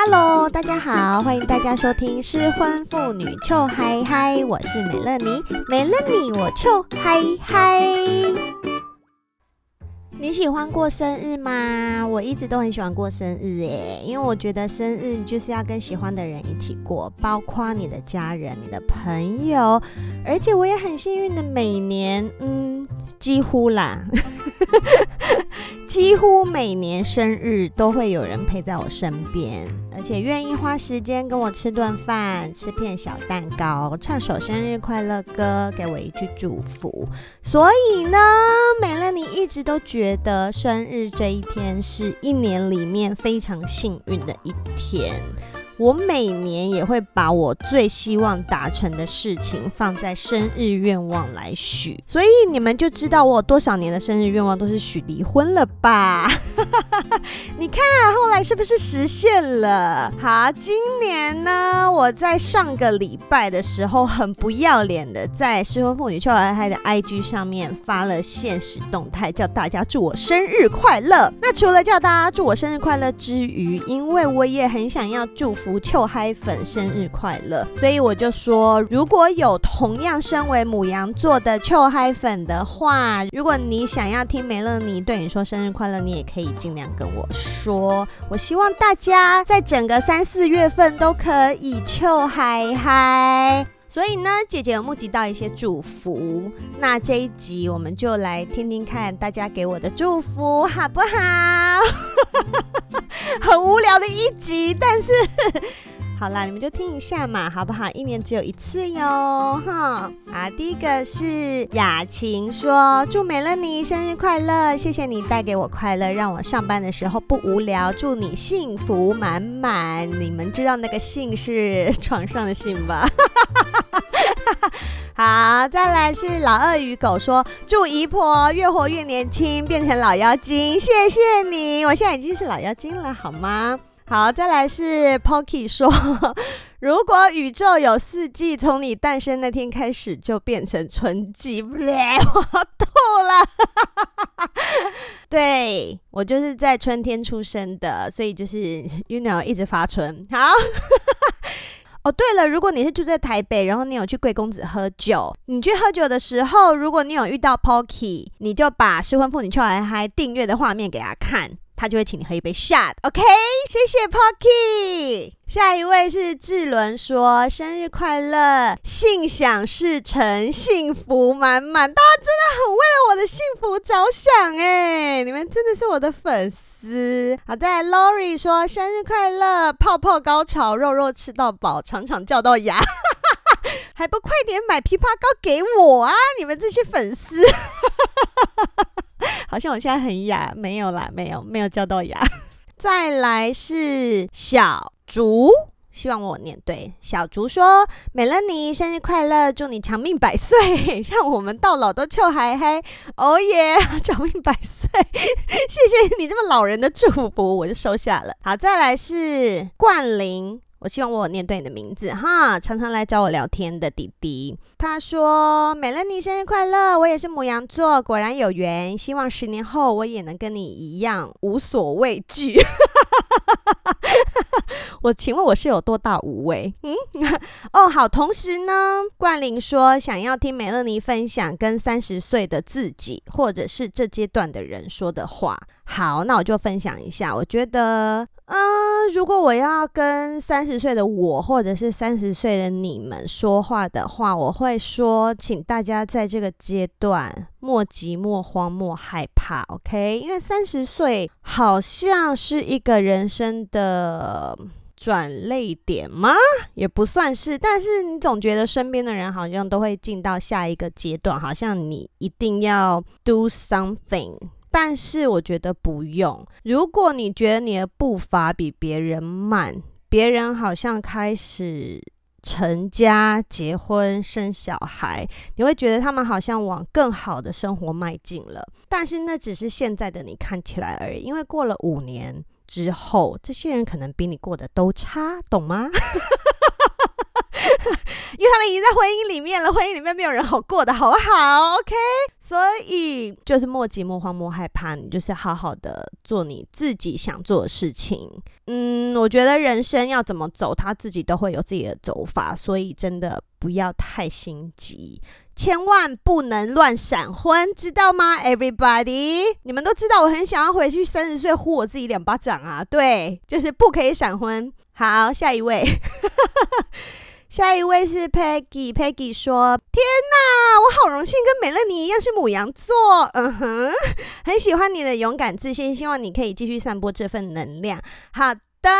Hello，大家好，歡迎大家收聽失婚婦女 Chill High High，我是美樂妮，美樂妮我 Chill High High。你喜歡過生日嗎？我一直都很喜歡過生日耶，因為我覺得生日就是要跟喜歡的人一起過，包括你的家人、你的朋友，而且我也很幸運的，每年嗯，幾乎啦。 幾乎每年生日都會有人陪在我身邊，而且願意花時間跟我吃頓飯、吃片小蛋糕、唱首生日快樂歌、給我一句祝福。所以呢，美樂妮一直都覺得生日這一天是一年裡面非常幸運的一天。我每年也會把我最希望達成的事情放在生日願望來許，所以你們就知道我有多少年的生日願望都是許離婚了吧？ 你看後來是不是實現了？好，今年呢，我在上個禮拜的時候很不要臉的在失婚婦女 Chill High High 的 IG 上面發了限時動態，叫大家祝我生日快樂。那除了叫大家祝我生日快樂之餘，因為我也很想要祝福。祝秋嗨粉生日快樂！所以我就說，如果有同樣身為牡羊座的秋嗨粉的話，如果你想要聽美樂妮對你說生日快樂，你也可以儘量跟我說。我希望大家在整個三四月份都可以秋嗨嗨。所以呢，姐姐有募集到一些祝福，那這一集我們就來聽聽看大家給我的祝福好不好？ 很無聊的一集，但是 好啦，你們就聽一下嘛，好不好？一年只有一次喲，哈啊！第一個是雅琴說：“祝美樂妮生日快樂，謝謝你帶給我快樂，讓我上班的時候不無聊，祝你幸福滿滿。”你們知道那個“幸”是床上的“幸”吧？ 好，再來是老鱷魚狗說：“祝姨婆越活越年輕，變成老妖精。”謝謝你，我現在已經是老妖精了，好嗎？好，再來是 Pocky 說呵呵：“如果宇宙有四季，從你誕生那天開始就變成春季。呃”我吐了， 對，我就是在春天出生的，所以就是 y you o UNO k w 一直發春。好。 哦，對了，如果你是住在台北，然後你有去貴公子喝酒，你去喝酒的時候，如果你有遇到 Poky，你就把失婚婦女 Chill High High 訂閱的畫面給他看。他就會請你喝一杯 shot，OK、okay？謝謝 Pocky。下一位是智倫說生日快樂，心想事成，幸福滿滿。大家真的很為了我的幸福着想哎，你們真的是我的粉絲。好，再來 Lori 說生日快樂，泡泡高潮，肉肉吃到飽，常常叫到牙， 還不快點買枇杷膏給我啊！你們這些粉絲。 好像我現在很啞，沒有啦，沒有，沒有叫到啞。 再來是小竹，希望我念對。小竹說：“美樂妮生日快樂，祝你長命百歲，讓我們到老都秋嗨嗨。”哦耶，長命百歲， 謝謝你這麼老人的祝福，我就收下了。好，再來是冠霖。我希望我念對你的名字哈，常常來找我聊天的弟弟，他說：“美樂妮生日快樂，我也是牡羊座，果然有緣。希望十年後我也能跟你一樣無所畏懼。 我”我請問我是有多大無畏？嗯，哦好。同時呢，冠霖說想要聽美樂妮分享跟三十歲的自己或者是這階段的人說的話。好，那我就分享一下，我覺得，嗯。那如果我要跟三十歲的我，或者是三十歲的你們說話的話，我會說，請大家在這個階段莫急、莫，莫慌、莫害怕，OK？因為三十歲好像是一個人生的轉捩點嗎？也不算是，但是你總覺得身邊的人好像都會進到下一個階段，好像你一定要 do something。但是我覺得不用。如果你覺得你的步伐比別人慢，別人好像開始成家、結婚、生小孩，你會覺得他們好像往更好的生活邁進了。但是那只是現在的你看起來而已，因為過了五年之後，這些人可能比你過得都差，懂嗎？ 因為他們已經在婚姻裡面了，婚姻裡面沒有人好過的好不好？OK，所以就是莫急莫慌莫害怕，你就是好好的做你自己想做的事情。嗯，我覺得人生要怎麼走，他自己都會有自己的走法，所以真的不要太心急，千萬不能亂閃婚，知道嗎？Everybody，你們都知道，我很想要回去三十歲呼我自己兩巴掌啊！對，就是不可以閃婚。好，下一位。 下一位是 Peggy，Peggy Peggy 說：“天哪，我好榮幸跟美樂妮一樣是牡羊座，嗯哼，很喜歡你的勇敢自信，希望你可以繼續散播這份能量。”好的，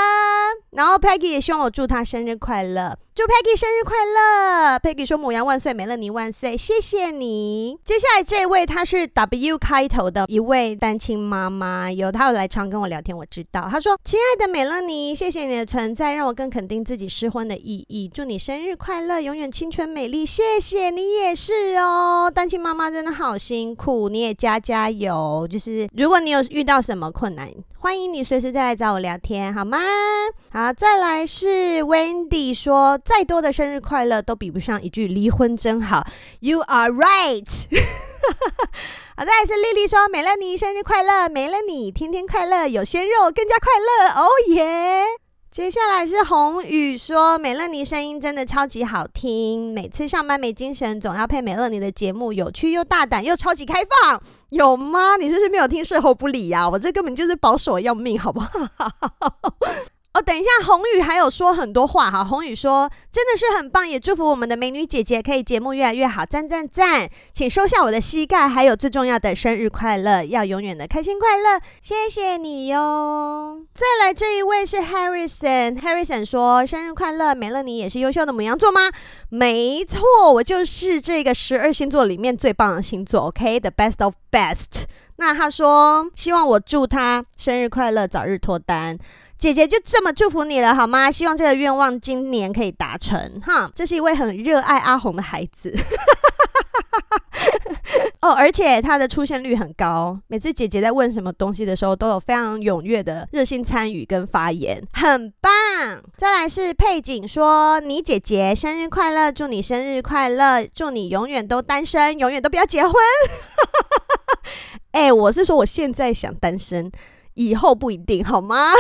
然後 Peggy 也希望我祝她生日快樂，祝 Peggy 生日快樂。Peggy 說：“牡羊萬歲，美樂妮萬歲，謝謝你。”接下來這位，她是 W 開頭的一位單親媽媽，有她有來常跟我聊天，我知道。她說：“親愛的美樂妮，謝謝你的存在，讓我更肯定自己失婚的意義。祝你生日快樂，永遠青春美麗。謝謝你也是哦，單親媽媽真的好辛苦，你也加加油。就是如果你有遇到什麼困難。”歡迎你隨時再來找我聊天，好嗎？好，再來是 Wendy 說，再多的生日快樂都比不上一句離婚真好。You are right。 好，再來是 Lily 說，沒了你生日快樂，沒了你天天快樂，有鮮肉更加快樂。哦耶！接下來是紅宇說：“美樂妮聲音真的超級好聽，每次上班沒精神，總要配美樂妮的節目，有趣又大膽又超級開放，有嗎？你是不是沒有聽射後不理呀，、啊？我這根本就是保守要命，好不好？” 等一下，宏宇還有說很多話哈。宏宇說：“真的是很棒，也祝福我們的美女姐姐，可以節目越來越好，讚讚讚！請收下我的膝蓋，還有最重要的生日快樂，要永遠的開心快樂，謝謝你喲。”再來這一位是 Harrison，Harrison Harrison 說：“生日快樂，美樂妮你也是優秀的牡羊座嗎？”沒錯，我就是這個十二星座裡面最棒的牡羊座，OK，the、okay? best of best。那他說：“希望我祝他生日快樂，早日脫單。”姐姐就這麼祝福你了，好嗎？希望這個願望今年可以達成哈。這是一位很熱愛阿紅的孩子， 哦，而且他的出現率很高。每次姐姐在問什麼東西的時候，都有非常踴躍的熱心參與跟發言，很棒。再來是佩景，說：“你姐姐生日快樂，祝你生日快樂，祝你永遠都單身，永遠都不要結婚。 ”哎、欸，我是說我現在想單身，以後不一定，好嗎？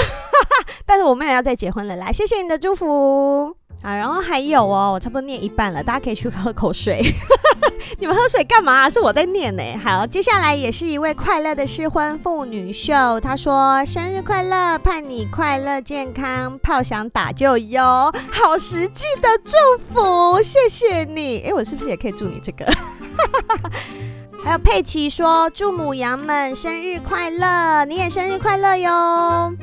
但是我們也要再結婚了，來，謝謝你的祝福。好，然後還有哦、喔，我差不多念一半了，大家可以去喝口水。 你們喝水幹嘛、啊？是我在念呢、欸。好，接下來也是一位快樂的失婚婦女秀，她說生日快樂，盼你快樂健康，炮響打就有，好實際的祝福，謝謝你。誒、欸，我是不是也可以祝你這個？ 還有佩奇說：“祝母羊們生日快樂，你也生日快樂喲。”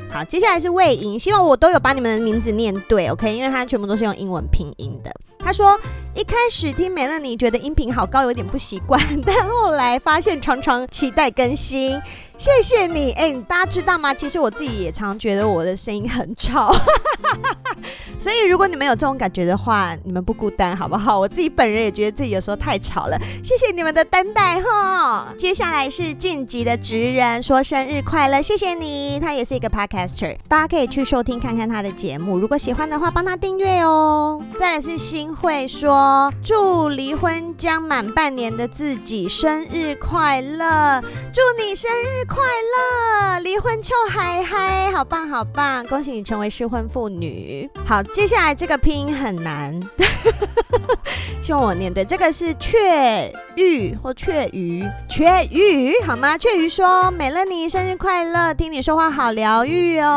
好，接下來是魏瑩，希望我都有把你們的名字念對，OK？因為她全部都是用英文拼音的。她說。一開始聽美樂妮，你覺得音頻好高，有點不習慣，但後來發現常常期待更新，謝謝你。哎，你大家知道嗎？其實我自己也常覺得我的聲音很吵， 所以如果你們有這種感覺的話，你們不孤單，好不好？我自己本人也覺得自己有時候太吵了。謝謝你們的擔待哈。接下來是晉級的職人說生日快樂，謝謝你。他也是一個 podcaster，大家可以去收聽看看他的節目。如果喜歡的話，幫他訂閱哦。再來是新會說。祝離婚將滿半年的自己生日快樂！祝你生日快樂，離婚秋嗨嗨，好棒好棒！恭喜你成為失婚婦女。好，接下來這個拼音很難，希 望我念對。這個是雀玉或雀魚，雀玉好嗎？雀魚說：“美樂妮生日快樂，聽你說話好療癒哦。”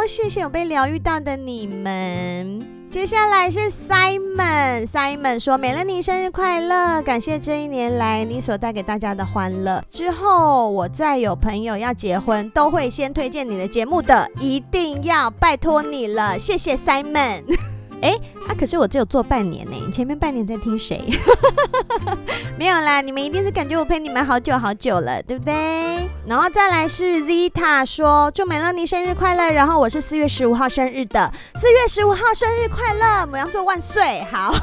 哦，謝謝有被療癒到的你們。接下來是 Simon，Simon Simon 說：“美樂妮生日快樂，感謝這一年來你所帶給大家的歡樂。之後我再有朋友要結婚，都會先推薦你的節目的，一定要拜託你了，謝謝 Simon。”哎、欸，啊，可是我只有做半年呢、欸，前面半年在聽誰？ 沒有啦，你們一定是感覺我陪你們好久好久了，對不對？然後再來是 Zeta 說，祝美樂妮生日快樂，然後我是四月十五號生日的，四月十五號生日快樂，牡羊座萬歲！好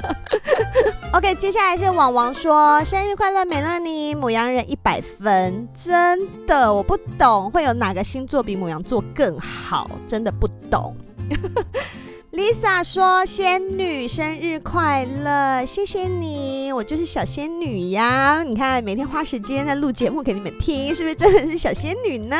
，OK，接下來是王王說，生日快樂，美樂妮，牡羊人一百分，真的我不懂會有哪個星座比牡羊座更好，真的不懂。 Lisa 說：“仙女生日快樂，謝謝你，我就是小仙女呀！你看，每天花時間在錄節目給你們聽，是不是真的是小仙女呢？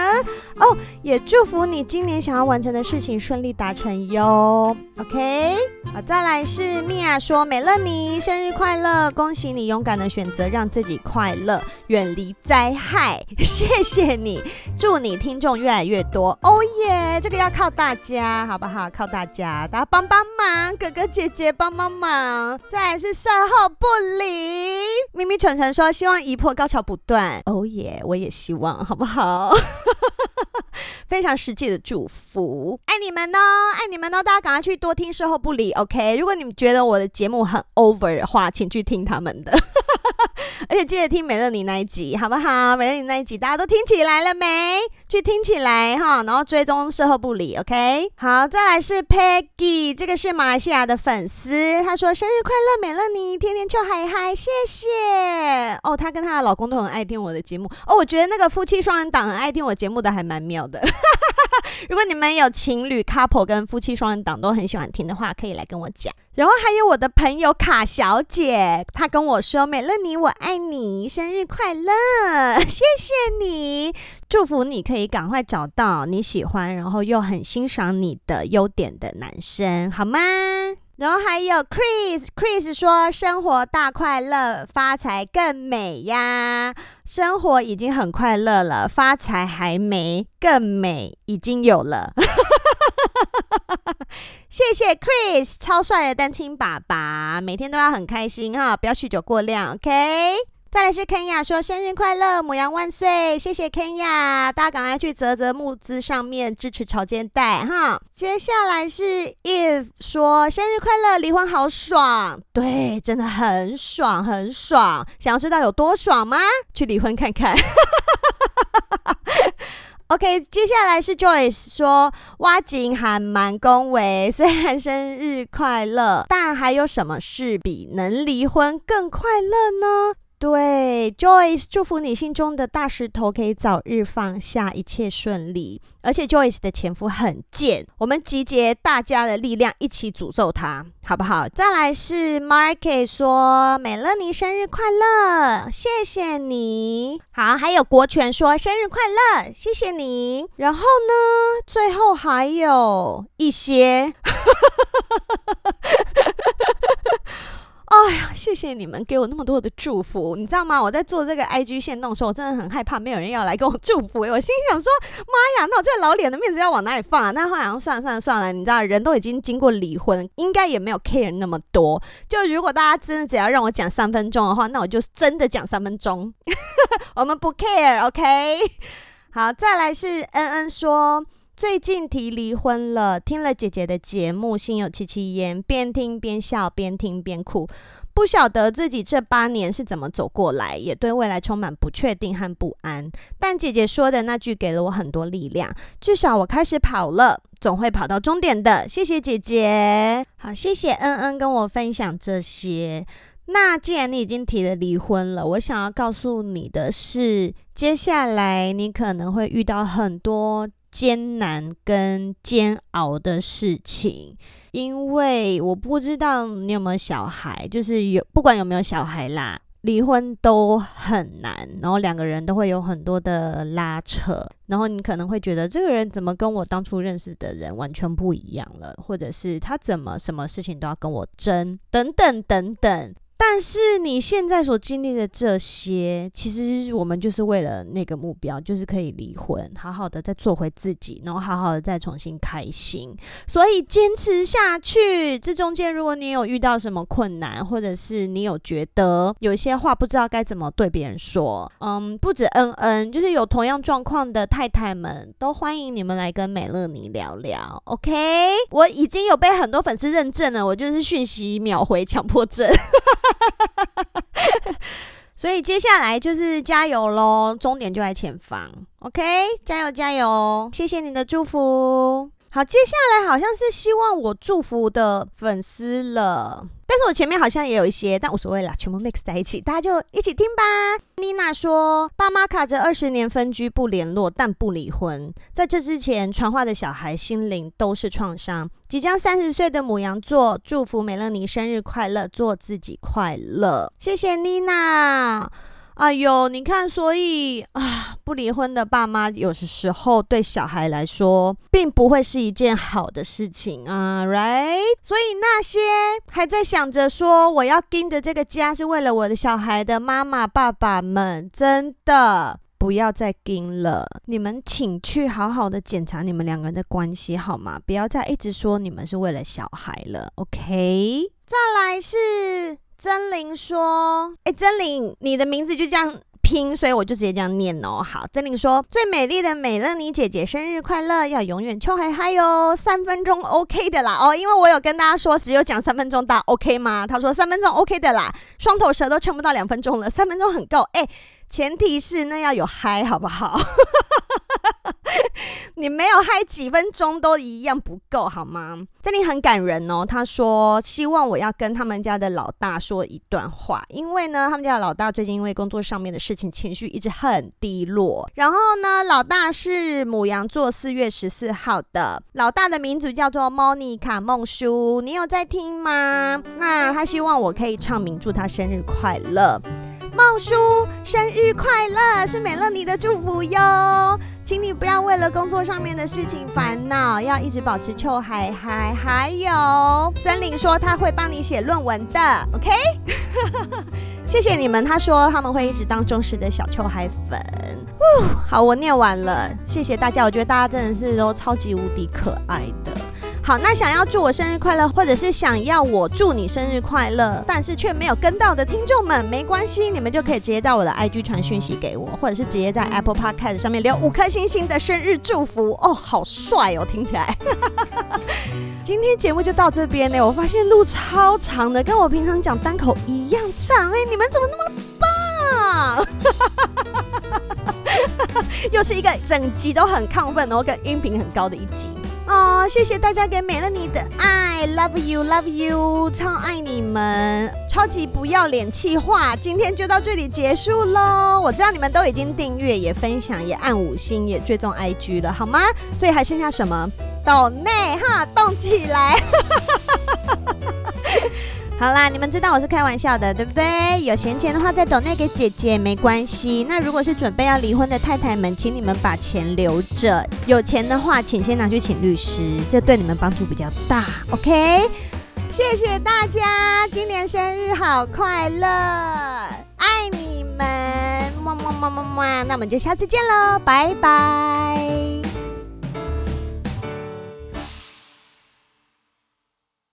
哦、oh，也祝福你今年想要完成的事情順利達成喲。OK，好，再來是米婭說：‘美樂妮生日快樂，恭喜你勇敢的選擇讓自己快樂，遠離災害。’謝謝你，祝你聽眾越來越多。哦耶，這個要靠大家，好不好？靠大家，幫幫忙，哥哥姐姐幫幫忙！再來是射後不理，咪咪蠢蠢說，希望一波高潮不斷。哦耶，我也希望，好不好？ 非常實際的祝福，愛你們哦，愛你們哦！大家趕快去多聽射後不理，OK？如果你們覺得我的節目很 over 的話，請去聽他們的。 而且記得聽美樂妮那一集，好不好？美樂妮那一集大家都聽起來了沒？去聽起來哈，然後追蹤射後不理，OK。好，再來是 Peggy，這個是馬來西亞的粉絲，他說生日快樂，美樂妮天天 Chill High High，謝謝。哦，他跟他的老公都很愛聽我的節目哦，我覺得那個夫妻雙人檔很愛聽我節目的還蠻妙的。 如果你們有情侶 couple 跟夫妻雙人檔都很喜歡聽的話，可以來跟我講。然後還有我的朋友卡小姐，她跟我說：“美樂妮我愛你，生日快樂，謝謝你，祝福你可以趕快找到你喜歡，然後又很欣賞你的優點的男生，好嗎？”然後還有 Chris，Chris Chris 說：“生活大快樂，發財更美呀！生活已經很快樂了，發財還沒更美，已經有了。 ”謝謝 Chris，超帥的單親爸爸，每天都要很開心哈，不要酗酒過量，OK。再來是 Kenya 說生日快樂，牡羊萬歲，謝謝 Kenya，大家趕快去嘖嘖募資上面支持潮間帶哈。接下來是 Eve 說生日快樂，離婚好爽，對，真的很爽很爽，想要知道有多爽嗎？去離婚看看哈哈。OK，接下來是 Joyce 說：“挖井還蠻恭維，雖然生日快樂，但還有什麼事比能離婚更快樂呢？”對，Joyce，祝福你心中的大石頭可以早日放下，一切順利。而且，Joyce 的前夫很賤，我們集結大家的力量，一起詛咒他，好不好？再來是 Market 說，美樂妮生日快樂，謝謝你。好，還有國權說生日快樂，謝謝你。然後呢，最後還有一些。哈哈哈哈哈哈。哎呀，謝謝你們給我那麼多的祝福，你知道嗎？我在做這個 IG 限動的時候，我真的很害怕沒有人要來跟我祝福。我心想說：“媽呀，那我這老臉的面子要往哪裡放啊？”那後來好像算了算了算了，你知道，人都已經經過離婚，應該也沒有 care 那麼多。就如果大家真的只要讓我講三分鐘的話，那我就真的講三分鐘。 我們不 care，OK？好，再來是恩恩說。最近提離婚了，聽了姐姐的節目《心有戚戚焉》，邊聽邊笑，邊聽邊哭，不曉得自己這八年是怎麼走過來，也對未來充滿不確定和不安。但姐姐說的那句給了我很多力量，至少我開始跑了，總會跑到終點的。謝謝姐姐，好，謝謝恩恩跟我分享這些。那既然你已經提了離婚了，我想要告訴你的是，接下來你可能會遇到很多，艱難跟煎熬的事情，因為我不知道你有沒有小孩，就是有，不管有沒有小孩啦，離婚都很難，然後兩個人都會有很多的拉扯，然後你可能會覺得這個人怎麼跟我當初認識的人完全不一樣了，或者是他怎麼，什麼事情都要跟我爭，等等等等。但是你現在所經歷的這些，其實我們就是為了那個目標，就是可以離婚，好好的再做回自己，然後好好的再重新開心。所以堅持下去。這中間，如果你有遇到什麼困難，或者是你有覺得有一些話不知道該怎麼對別人說，嗯，不止嗯嗯，就是有同樣狀況的太太們都歡迎你們來跟美樂妮聊聊。OK，我已經有被很多粉絲認證了，我就是訊息秒回強迫症。 哈， 所以接下來就是加油嘍，終點就在前方。OK，加油加油！謝謝你的祝福。好，接下來好像是希望我祝福的粉絲了。但是我前面好像也有一些，但無所謂啦，全部 mix 在一起，大家就一起聽吧。妮娜說，爸媽卡着二十年分居不聯絡，但不離婚。在這之前傳話的小孩心靈都是創傷。即將三十歲的牡羊座，祝福美樂妮生日快樂，做自己快樂。謝謝妮娜。哎喲你看，所以啊，不離婚的爸媽，有些時候對小孩來說，並不會是一件好的事情啊，right？所以那些還在想着說我要撐着這個家，是為了我的小孩的媽媽、爸爸們，真的不要再撐了。你們請去好好的檢查你們兩個人的關係好嗎？不要再一直說你們是為了小孩了，OK？再來是。真靈說：“哎，真靈，你的名字就這樣拼，所以我就直接這樣念哦。”好，真靈說：“最美麗的美樂妮姐姐，生日快樂，要永遠秋嗨嗨喲！三分鐘 OK 的啦哦，因為我有跟大家說，只有講三分鐘到 OK 嗎？”他說：“三分鐘 OK 的啦，雙頭蛇都撐不到兩分鐘了，三分鐘很夠。哎，前提是那要有嗨，好不好？” 你沒有嗨幾分鐘都一樣不夠好嗎？這裡很感人哦。他說希望我要跟他們家的老大說一段話，因為呢，他們家的老大最近因為工作上面的事情，情緒一直很低落。然後呢，老大是牡羊座，四月十四號的。老大的名字叫做莫妮卡夢叔，你有在聽嗎？那他希望我可以唱名祝他生日快樂，夢叔生日快樂，是美樂妮的祝福喲。請你不要為了工作上面的事情煩惱，要一直保持秋嗨嗨。還有森林說他會幫你寫論文的，OK？ 謝謝你們，他說他們會一直當忠實的小秋嗨粉。哦，好，我念完了，謝謝大家，我覺得大家真的是都超級無敵可愛的。好，那想要祝我生日快樂，或者是想要我祝你生日快樂，但是卻沒有跟到的聽眾們，沒關係，你們就可以直接到我的 IG 傳訊息給我，或者是直接在 Apple Podcast 上面留五顆星星的生日祝福哦，好帥哦，聽起來。 今天節目就到這邊呢，我發現錄超長的，跟我平常講單口一樣長哎，你們怎麼那麼棒？ 又是一個整集都很亢奮然後跟音頻很高的一集。哦、oh，謝謝大家給美樂妮的愛，love you，love you，超愛你們，超級不要臉氣話，今天就到這裡結束嘍。我知道你們都已經訂閱、也分享、也按五星、也追蹤 IG 了，好嗎？所以還剩下什麼？斗內哈，動起來，哈，動起來！ 好啦，你們知道我是開玩笑的，對不對？有閒錢的話，再斗內給姐姐沒關係。那如果是準備要離婚的太太們，請你們把錢留着。有錢的話，請先拿去請律師，這對你們幫助比較大。OK，謝謝大家，今年生日好快樂，愛你們，麼麼麼麼麼。那我們就下次見嘍，拜拜。